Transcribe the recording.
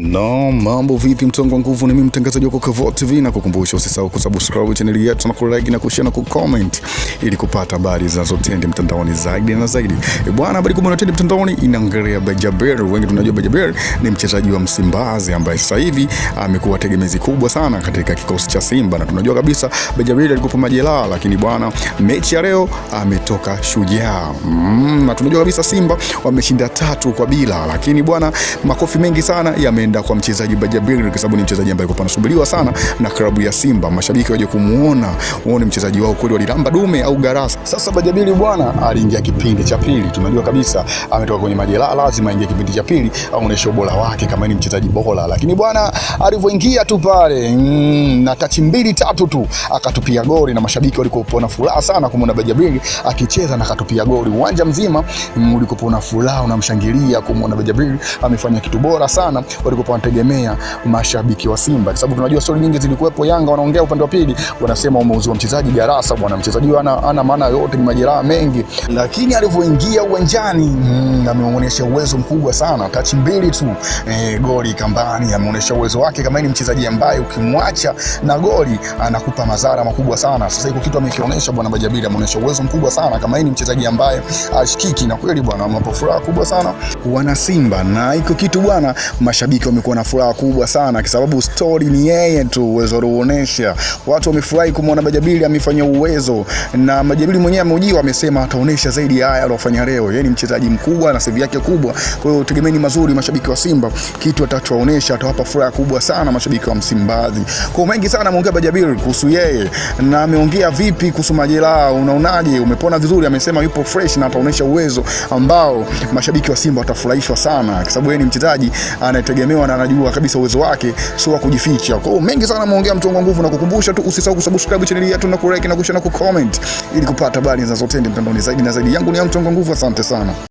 No, mambo vipi mtongo wa nguvu, ni mimi mtangazaji wako Kevoo TV na kukumbusha usisahau kusubscribe channel yetu na kulike na kushare na kucomment ili kupata habari zinazotendi mtandaoni zaidi na zaidi. E bwana, habari kubwa inayotendi mtandaoni inaangalia Bajaber. Wengi tunajua Bajaber ni mchezaji wa Msimbazi ambaye sasa hivi amekuwa tegemezi kubwa sana katika kikosi cha Simba na tunajua kabisa Bajaber alikuwa majeraha, lakini bwana, mechi ya leo ametoka shujaa. Mm, na tunajua kabisa Simba wameshinda tatu kwa bila, lakini bwana, makofi mengi sana yame kwenda kwa mchezaji Bajabiri kwa sababu ni mchezaji ambaye alikuwa anasubiriwa sana na klabu ya Simba, mashabiki waje kumuona, waone mchezaji wao kweli walilamba dume au garasa. Sasa Bajabiri bwana aliingia kipindi cha pili, tunajua kabisa ametoka kwenye majeraha, lazima aingie kipindi cha pili aoneshe ubora wake kama ni mchezaji bora, lakini bwana alivyoingia tu pale mm, na tachi mbili tatu tu akatupia goli na mashabiki walikuwa na furaha sana kumuona Bajabiri akicheza na akatupia goli. Uwanja mzima mm, ulikuwa na furaha, unamshangilia kumuona Bajabiri amefanya kitu bora sana walikuwa wanategemea mashabiki wa Simba, kwa sababu tunajua stori nyingi zilikuwepo. Yanga wanaongea upande wa pili, wanasema umeuziwa mchezaji Garasa bwana, mchezaji ana, ana maana yote, ni majeraha mengi, lakini alivyoingia uwanjani mm, ameonyesha uwezo mkubwa sana, tachi mbili tu e, goli kambani. Ameonyesha uwezo wake kama ni mchezaji ambaye ukimwacha na goli anakupa madhara makubwa sana. Sasa iko kitu amekionyesha bwana, Bajabiri ameonyesha uwezo mkubwa sana, kama ni mchezaji ambaye ashikiki, na kweli bwana, mapofuraha kubwa sana wana Simba na iko kitu bwana mashabiki watu wamekuwa na furaha kubwa sana, kwa sababu story ni yeye tu uwezo aliuonesha. Watu wamefurahi kumwona Majabili amefanya uwezo, na Majabili mwenyewe ameujiwa, amesema ataonesha zaidi ya haya aliyofanya leo. Yeye ni mchezaji mkubwa na sevi yake kubwa, kwa hiyo tegemeni mazuri mashabiki wa Simba, kitu atachoonyesha atawapa furaha kubwa sana mashabiki wa Msimbazi. Kwa mengi sana ameongea Bajabili kuhusu yeye na ameongea vipi kuhusu majeraha, unaonaje, umepona vizuri? Amesema yupo fresh na ataonesha uwezo ambao mashabiki wa Simba watafurahishwa sana, kwa sababu yeye ni mchezaji anayetegemea mwenyewe anajua kabisa uwezo wake, sio wa kujificha. Kwa hiyo mengi sana ameongea mtongo nguvu, na kukumbusha tu usisahau kusubscribe channel yetu na ku-like na kushare na ku-comment ili kupata habari zinazotendeka mtandaoni zaidi na zaidi. Yangu ni ya mtongo nguvu, asante sana.